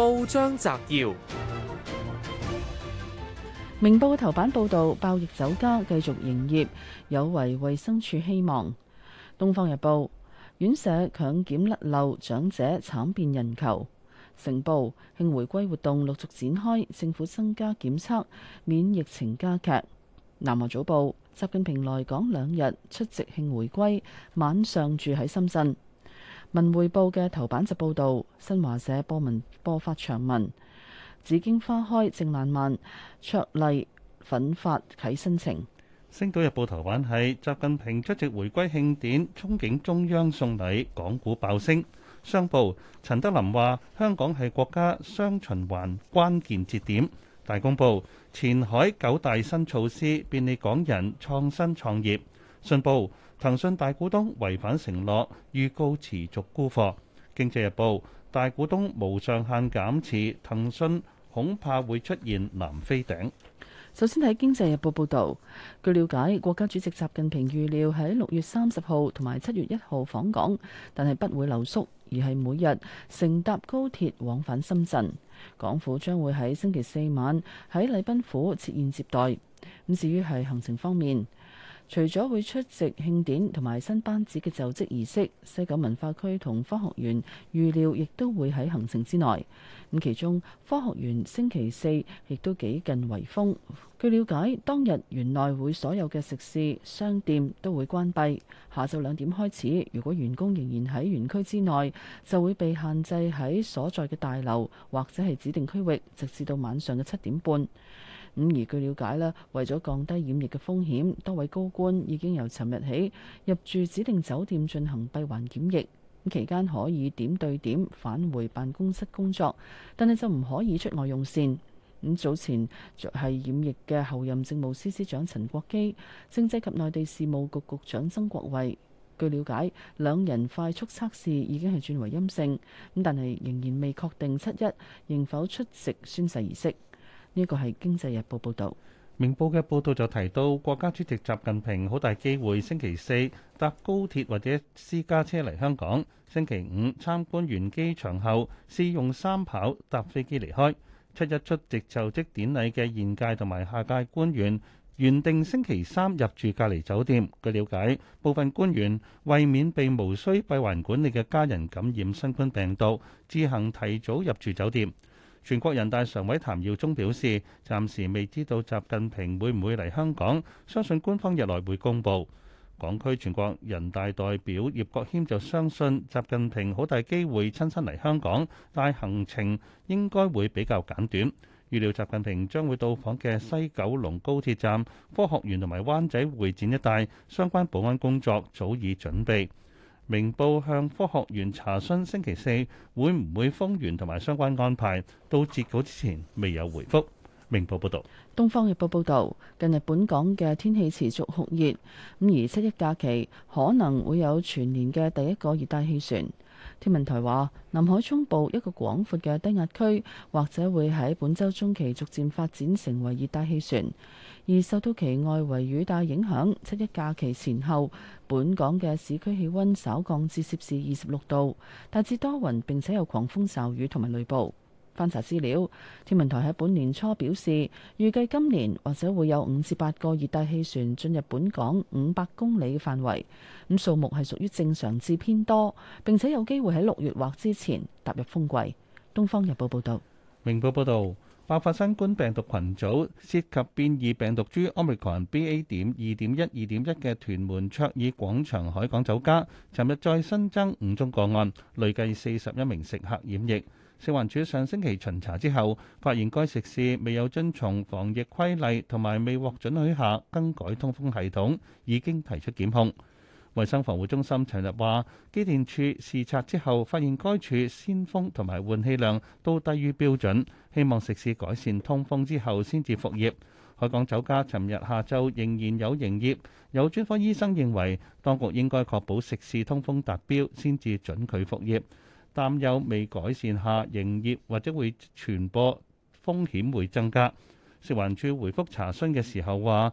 報章摘要：明報頭版報道，爆疫酒家繼續營業，有違衛生署希望。東方日報，院舍強檢甩漏，長者慘變人球。成報，慶回歸活動陸續展開，政府增加檢測，免疫情加劇。南華早報，習近平來港兩日，出席慶回歸，晚上住喺深圳。文匯報嘅頭版就報道，新華社播文播發長文。紫荊花開正爛漫，卓麗奮發啟新程。星島日報頭版係習近平出席回歸慶典，憧憬中央送禮，港股爆升。商報陳德霖話香港係國家雙循環關鍵節點。大公報前海九大新措施，便利港人創新創業。信報：騰訊大股東違反承諾，預告持續沽貨。經濟日報：大股東無上限減持騰訊，恐怕會出現南非頂。首先睇經濟日報報導，據了解，國家主席習近平預料喺六月三十號同埋七月一號訪港，但係不會留宿，而係每日乘搭高鐵往返深圳。港府將會喺星期四晚喺禮賓府設宴接待。咁至於係行程方面。除咗會出席慶典同埋新班子嘅就職儀式，西九文化區同科學園預料亦都會喺行程之內。咁其中科學園星期四亦都幾近圍封。據了解，當日園內會所有嘅食肆、商店都會關閉。下晝兩點開始，如果員工仍然喺園區之內，就會被限制喺所在嘅大樓或者係指定區域，直至到晚上嘅七點半。咁而據了解呢，為咗降低染疫嘅風險，多位高官已經由尋日起入住指定酒店進行閉環檢疫。期間可以點對點返回辦公室工作，但係就唔可以出外用膳。咁早前係染疫嘅候任政務司司長陳國基、政制及內地事務局局長曾國衛，據了解兩人快速測試已經係轉為陰性，但係仍然未確定七一仍否出席宣誓儀式。呢個係《經濟日報》報導，《明報》嘅報導就提到，國家主席習近平好大機會星期四搭高鐵或者私家車嚟香港，星期五參觀完機場後，試用三跑搭飛機離開。七日出席就職典禮嘅現屆同埋下屆官員，原定星期三入住隔離酒店。據了解，部分官員為免被無需閉環管理嘅家人感染新冠病毒，自行提早入住酒店。全國人大常委譚耀宗表示，暫時未知道習近平會唔會嚟香港，相信官方日內會公布。港區全國人大代表葉國謙就相信習近平好大機會親身嚟香港，但行程應該會比較簡短。預料習近平將會到訪嘅西九龍高鐵站、科學園同埋灣仔會展一帶，相關保安工作早已準備。明報向科學園查詢星期四會唔會封園同埋相關安排，到截稿之前未有回覆。明報報道：《東方日報》報導，近日本港嘅天氣持續酷熱，咁而七一假期可能會有全年嘅第一個熱帶氣旋。天文台話，南海中部一個廣闊嘅低壓區，或者會喺本週中期逐漸發展成為熱帶氣旋。而受到其外圍雨帶影響，七一假期前後，本港嘅市區氣溫稍降至攝氏二十六度，大致多雲，並且有狂風驟雨同埋雷暴。翻查資料，天文台喺本年初表示，預計今年或者會有五至八個熱帶氣旋進入本港五百公里嘅範圍，咁數目係屬於正常至偏多，並且有機會喺六月或之前踏入風季。東方日報報道，明報報道。爆發新冠病毒群組涉及變異病毒株 Omicron BA. 點二點一二點一嘅屯門卓爾廣場海港酒家，昨日再新增五宗個案，累計四十一名食客染疫。食環署上星期巡查之後，發現該食肆未有遵從防疫規例，同埋未獲准許下更改通風系統，已經提出檢控。衛生防護中心尋日話，機電署視察之後，發現該處鮮風同埋換氣量都低於標準，希望食肆改善通風之後先至復業。海港酒家尋日下晝仍然有營業，有專科醫生認為，當局應該確保食肆通風達標先至準佢復業，擔憂未改善下營業或者會傳播風險會增加。食環署回覆查詢嘅時候話。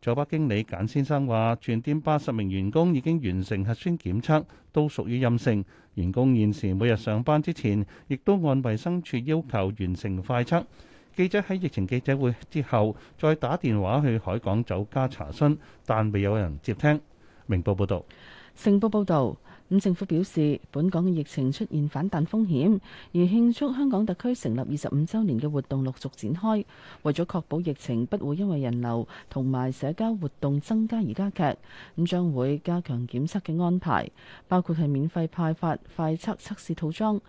酒吧經理簡先生話：全店八十名員工已經完成核酸檢測，都屬於陰性。員工現時每日上班之前，亦都按衛生署要求完成快測。記者喺疫情記者會之後，再打電話去海港酒家查詢，但未有人接聽。明報報道。成報報導。咁政府表示，本港嘅疫情出現反彈風險，而慶祝香港特區成立二十五周年嘅活動陸續展開。為咗確保疫情不會因為人流同埋社交活動增加而加劇，咁將會加強檢測嘅安排，包括係免費派發快測測試套裝，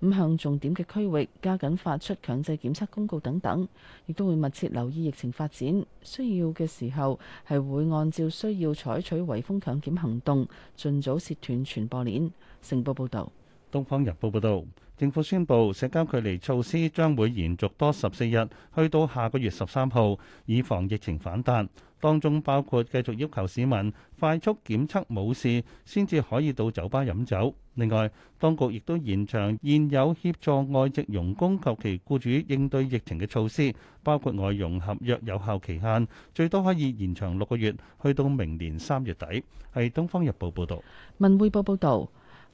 咁向重點嘅區域加緊發出強制檢測公告等等，亦都會密切留意疫情發展，需要嘅時候係會按照需要採取圍封強檢行動，盡早截斷傳。報鏈成報報道。《東方日報》報導，政府宣布社交距離措施將會延續多十四日，去到下個月十三號，以防疫情反彈。當中包括繼續要求市民快速檢測冇事，先至可以到酒吧飲酒。另外，當局亦都延長現有協助外籍傭工及其僱主應對疫情嘅措施，包括外傭合約有效期限最多可以延長六個月，去到明年三月底。係《東方日報》報導，《文匯報》報導。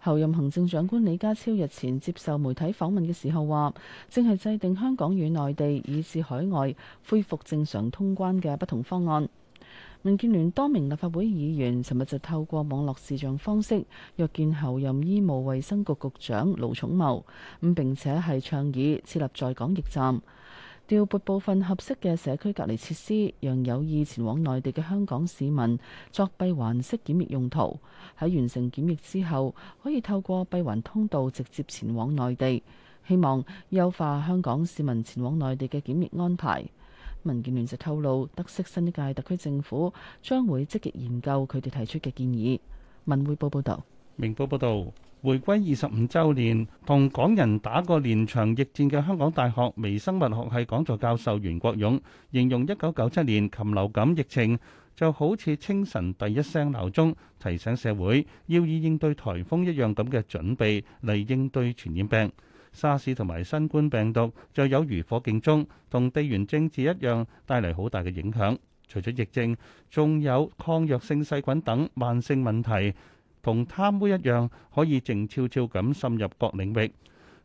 候任行政長官李家超日前接受媒體訪問嘅時候話，正係制定香港與內地以至海外恢復正常通關嘅不同方案。民建聯多名立法會議員尋日就透過網絡視像方式約見候任醫務衛生局局長盧寵茂，咁並且係倡議設立在港驛站。調撥部分合適嘅社區隔離設施，讓有意前往內地嘅香港市民作閉環式檢疫用途。喺完成檢疫之後，可以透過閉環通道直接前往內地。希望優化香港市民前往內地嘅檢疫安排。民建聯就透露，得悉新一屆特區政府將會積極研究佢哋提出嘅建議。文匯報報道，明報報道。回歸二十五週年，同港人打過連場逆戰嘅香港大學微生物學系講座教授袁國勇形容，一九九七年禽流感疫情就好似清晨第一聲鬧鐘，提醒社會要以應對颱風一樣咁嘅準備嚟應對傳染病。沙士同埋新冠病毒就有如火警鐘，同地緣政治一樣帶嚟好大嘅影響。除咗疫症，仲有抗藥性細菌等慢性問題。同貪污一樣，可以靜悄悄咁滲入各領域。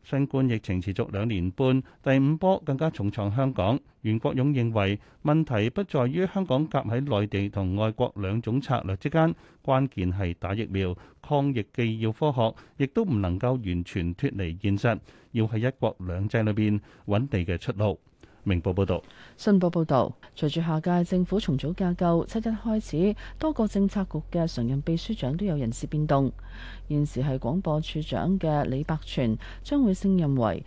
新冠疫情持續兩年半，第五波更加重創香港。袁國勇認為，問題不在於香港夾喺內地同外國兩種策略之間，關鍵係打疫苗。抗疫既要科學，亦都唔能夠完全脫離現實，要喺一國兩制裏邊搵地嘅出路。明報報道，信報報道，隨住下屆政府重組架構，七一開始，多個政策局嘅常任秘書長都有人事變動。現時係廣播處長嘅李百全將會升任為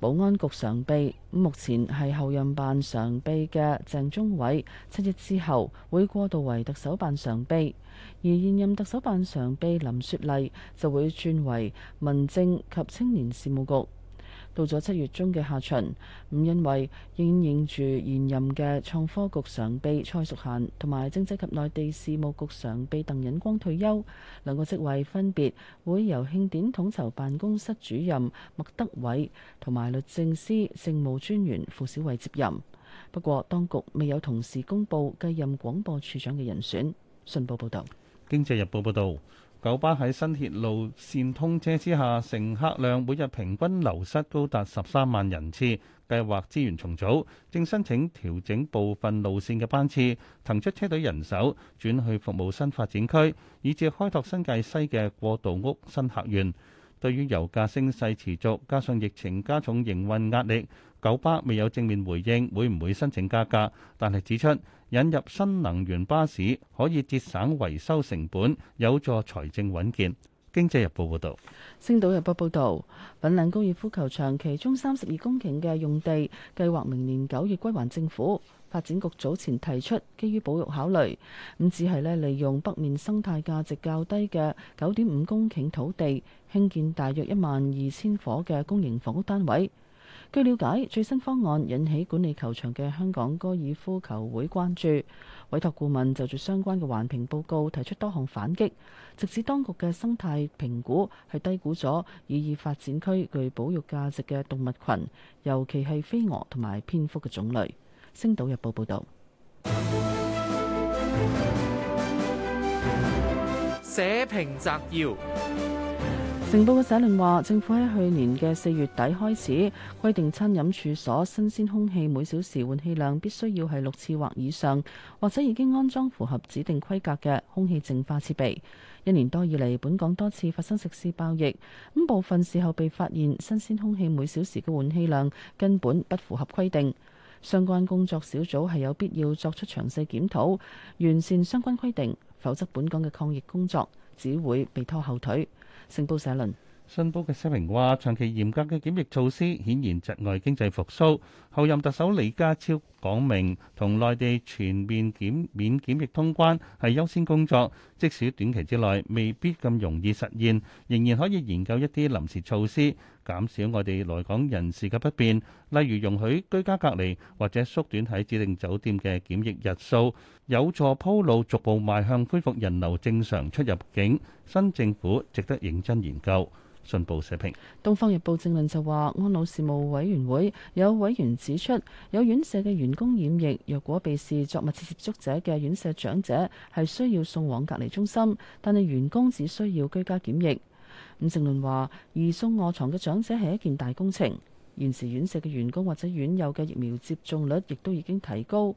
保安局常秘，目前係候任辦常秘嘅鄭中偉，七一之後會過渡為特首辦常秘，而現任特首辦常秘林雪麗就會轉為民政及青年事務局。到咗七月中嘅下旬，咁因為應認住現任嘅創科局常秘蔡淑嫻同埋政制及內地事務局常秘鄧忍光退休，兩個職位分別會由慶典統籌辦公室主任麥德偉同埋律政司政務專員傅小偉接任。不過，當局未有同時公佈繼任廣播處長嘅人選。信報報道，《經濟日報》報道。九巴喺新鐵路線通車之下，乘客量每日平均流失高達十三萬人次，計劃資源重組，正申請調整部分路線嘅班次，騰出車隊人手，轉去服務新發展區，以至開拓新界西嘅過渡屋新客源。對於油價升勢持續，加上疫情加重營運壓力。九巴未有正面回應會唔會申請加價，但係指出引入新能源巴士可以節省維修成本，有助財政穩健。經濟日報報道。星島日報報道，粉嶺高爾夫球場其中三十二公頃嘅用地計劃明年九月歸還政府。發展局早前提出基於保育考慮，咁只係咧利用北面生態價值較低嘅九點五公頃土地興建大約一萬二千伙嘅公營房屋單位。據了解，最新方案引起管理球場嘅香港高爾夫球會關注，委託顧問就住相關嘅環評報告提出多項反擊，直指當局嘅生態評估係低估咗已以發展區具保育價值嘅動物群，尤其係飛蛾同埋蝙蝠嘅種類。《星島日報》報道。社評摘要。成報嘅社論話，政府喺去年嘅四月底開始規定，餐飲處所新鮮空氣每小時換氣量必須要係六次或以上，或者已經安裝符合指定規格嘅空氣淨化設備。一年多以嚟，本港多次發生食肆爆疫，咁部分事後被發現新鮮空氣每小時嘅換氣量根本不符合規定。相關工作小組係有必要作出詳細檢討，完善相關規定，否則本港嘅抗疫工作只會被拖後腿。《新報》社論，《新報》嘅聲明話：長期嚴格嘅檢疫措施顯然窒礙經濟復甦。後任特首李家超講明，同內地全面檢免檢疫通關係優先工作，即使短期之內未必咁容易實現，仍然可以研究一啲臨時措施，減少外地來港人士嘅不便，例如容許居家隔離或者縮短喺指定酒店嘅檢疫日數，有助鋪路逐步邁向恢復人流正常出入境。新政府值得認真研究。信報社評，《東方日報》正論就話，安老事務委員會有委員指出，有院舍嘅員工染疫，若果被視作密切接觸者嘅院舍長者係需要送往隔離中心，但係員工只需要居家檢疫。咁、嗯、正論話，移送臥床嘅長者係一件大工程。現時院舍嘅員工或者院友嘅疫苗接種率亦都已經提高。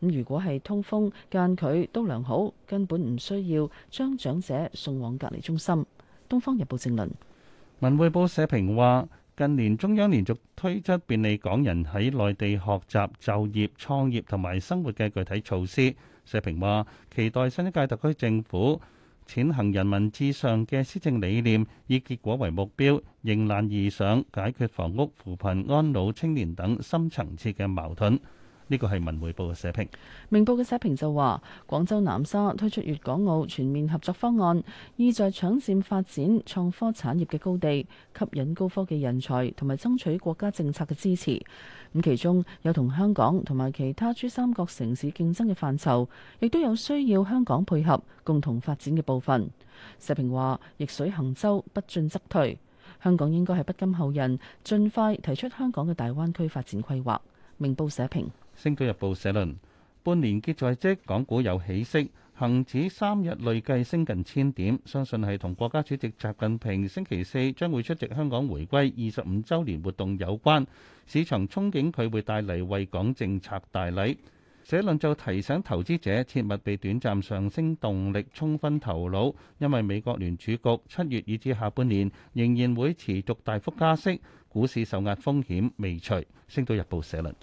咁如果係通風間距都良好，根本唔需要將長者送往隔離中心。《東方日報》正論，《文匯報》社評話：近年中央連續推出便利港人喺內地學習、就業、創業同埋生活嘅具體措施。社評話：期待新一屆特區政府踐行人民至上嘅施政理念，以結果為目標，迎難而上，解決房屋、扶貧、安老、青年等深層次嘅矛盾。呢個係《文匯報》嘅社評，《明報》嘅社評就話：廣州南沙推出粵港澳全面合作方案，意在搶佔發展創科產業嘅高地，吸引高科技人才同埋爭取國家政策嘅支持。咁其中有同香港同埋其他珠三角城市競爭嘅範疇，亦都有需要香港配合共同發展嘅部分。社評話：逆水行舟，不進則退。香港應該係不甘後人，盡快提出香港嘅大灣區發展規劃。《明報》社評。星島日報社論半年結在即，港股有起色，恒指三日累計升近千點，相信係同國家主席習近平星期四將會出席香港回歸二十五周年活動有關，市場憧憬佢會帶嚟為港政策大禮。社論就提醒投資者切勿被短暫上升動力沖昏頭腦，因為美國聯儲局七月以至下半年仍然會持續大幅加息，股市受壓風險未除。星島日報社論。